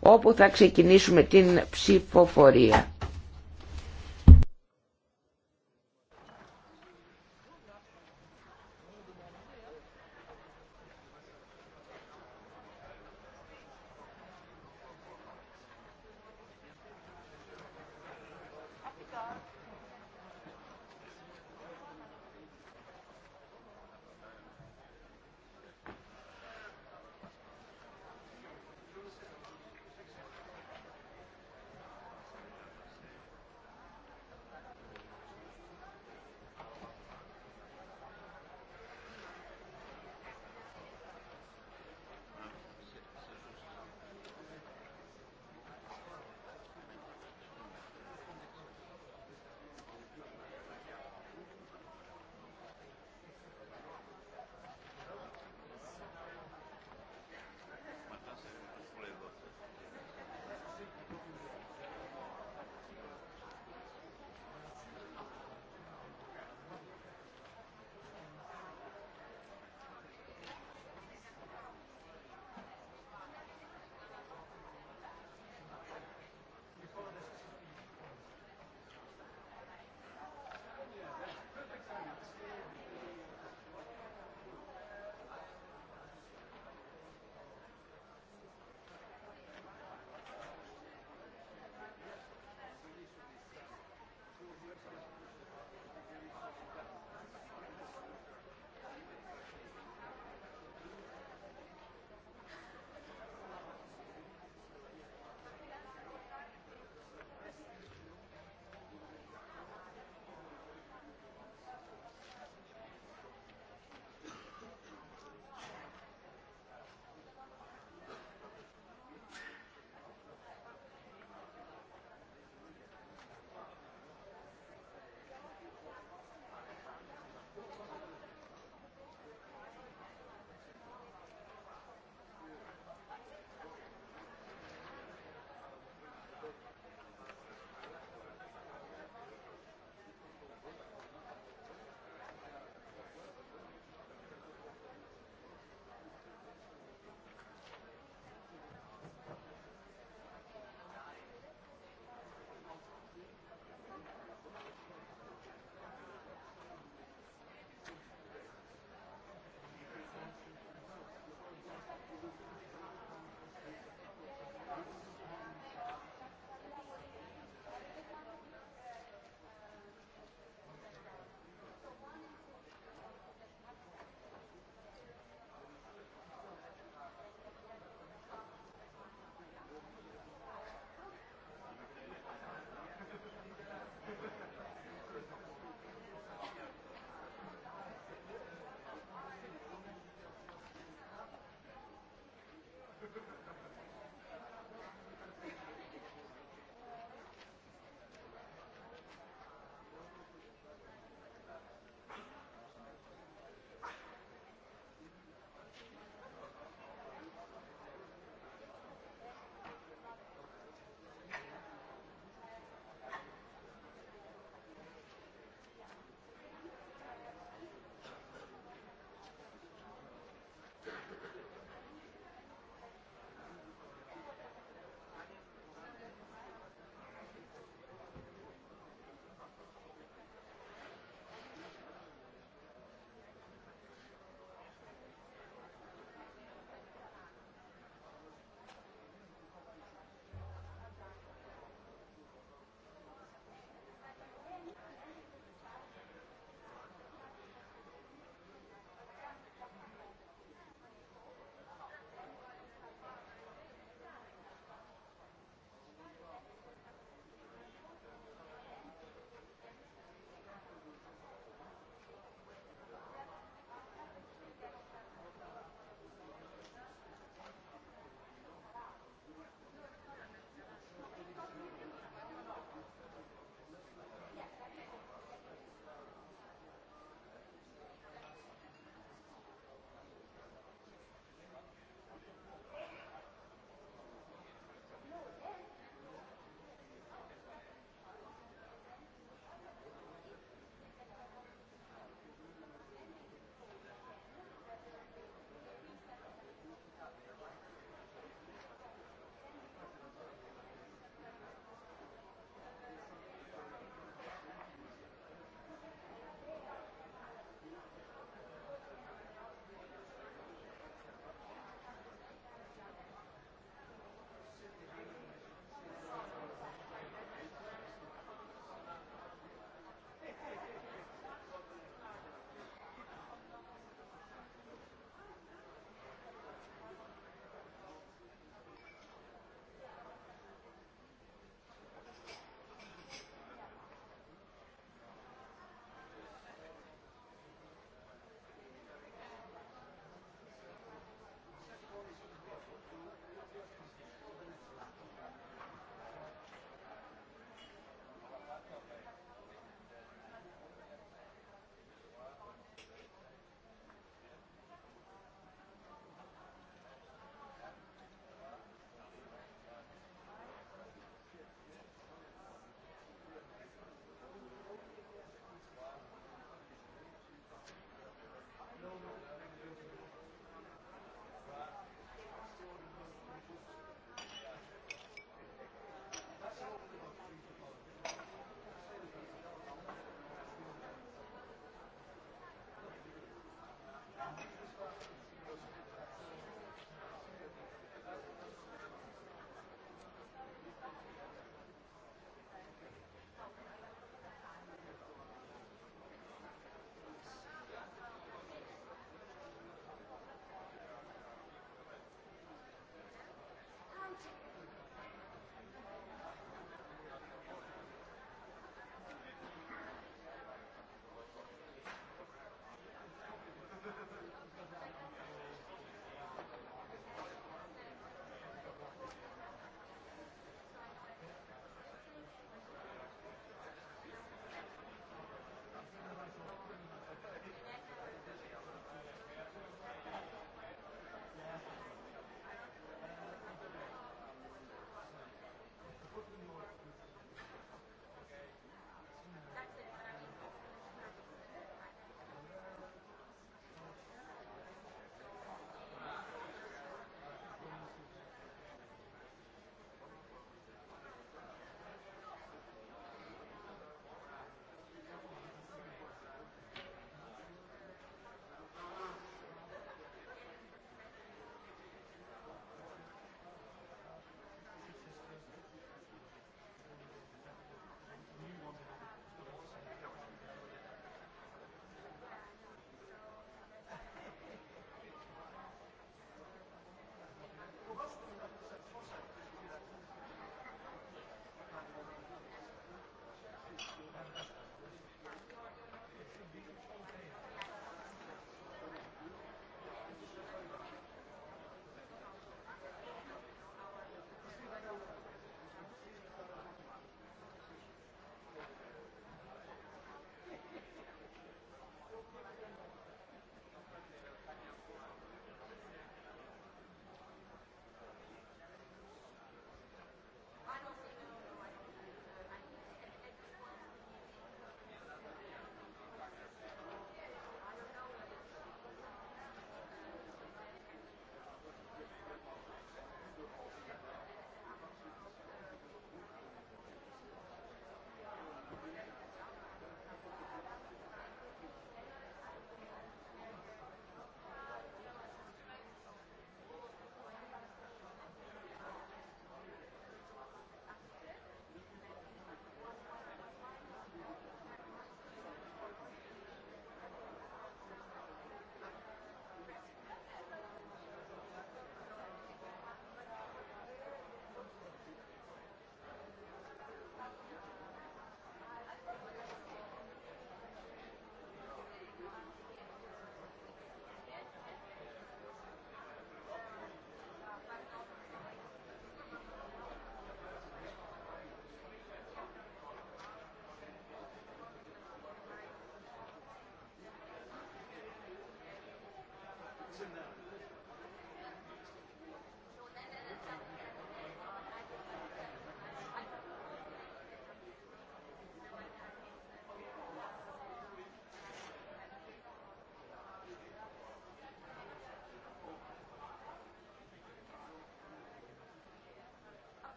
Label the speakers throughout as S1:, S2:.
S1: όπου θα ξεκινήσουμε την ψηφοφορία.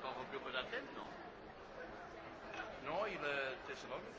S1: Qualcosa più cosa te no? No, il Thessaloniki.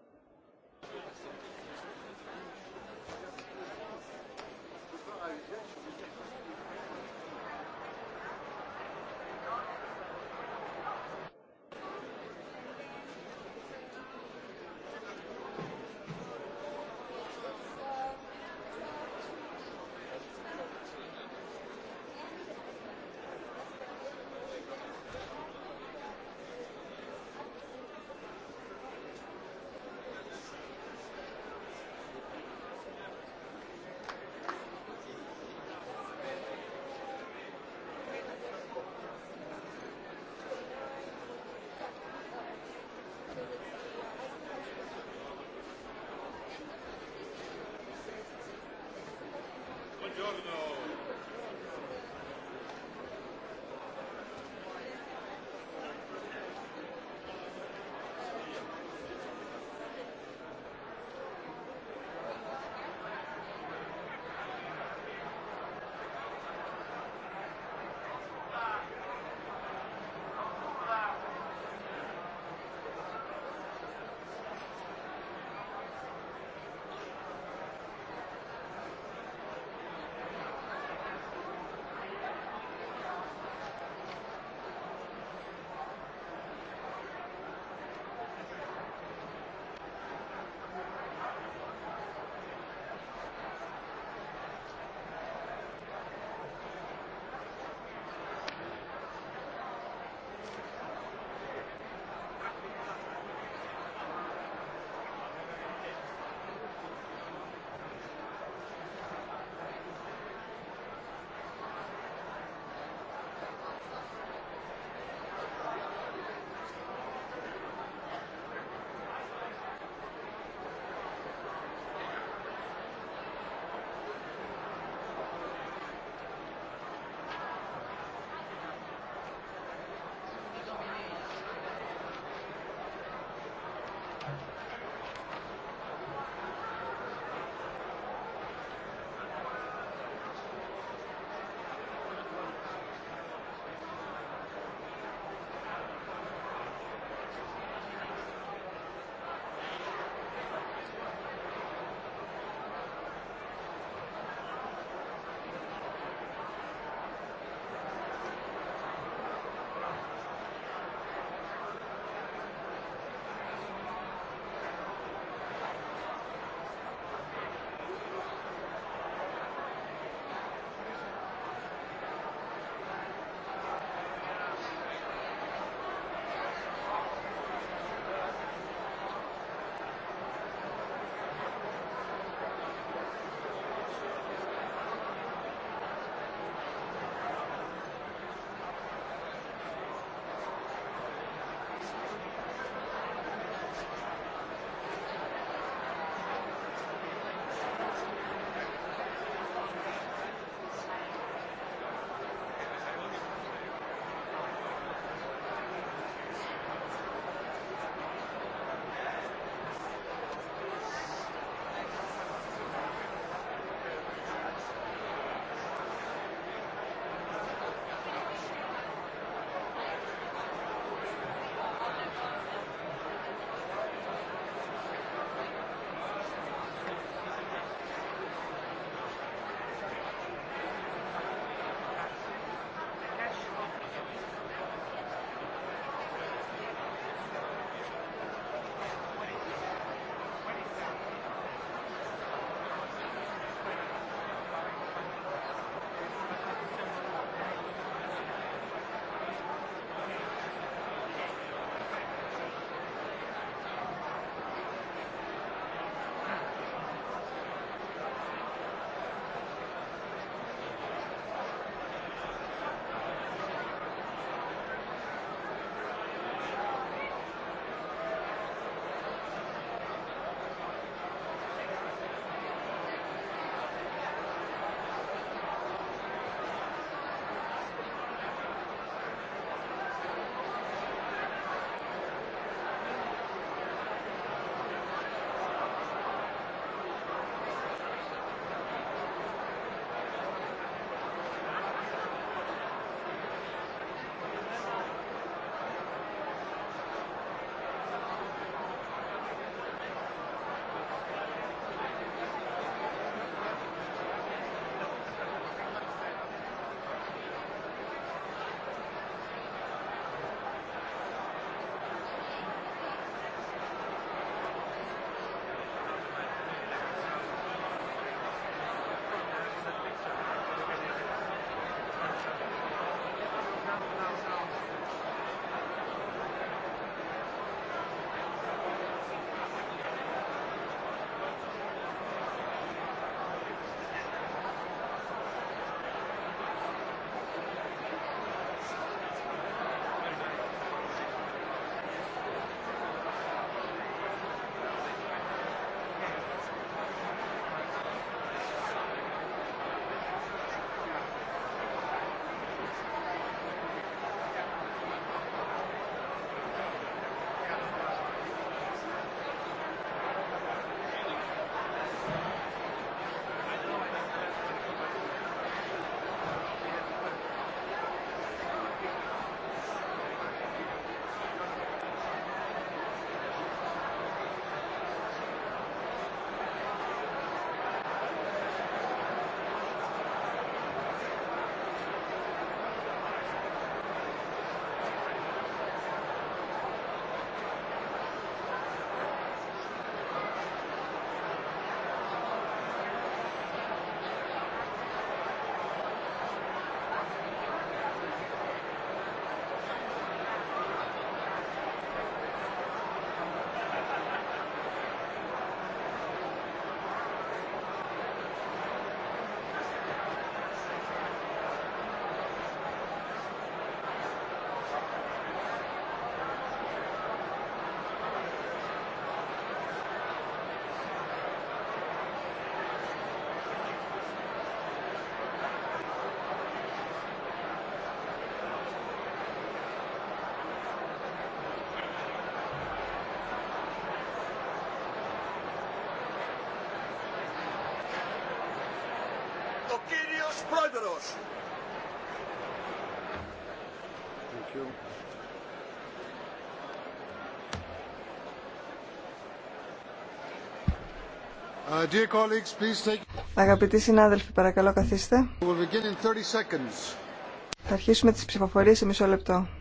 S1: Buongiorno. Πρόεδρος. Thank you. Uh, dear colleagues, please take... Αγαπητοί συνάδελφοι, παρακαλώ καθίστε. We'll begin in 30 seconds. Θα αρχίσουμε τις ψηφοφορίες σε μισό λεπτό.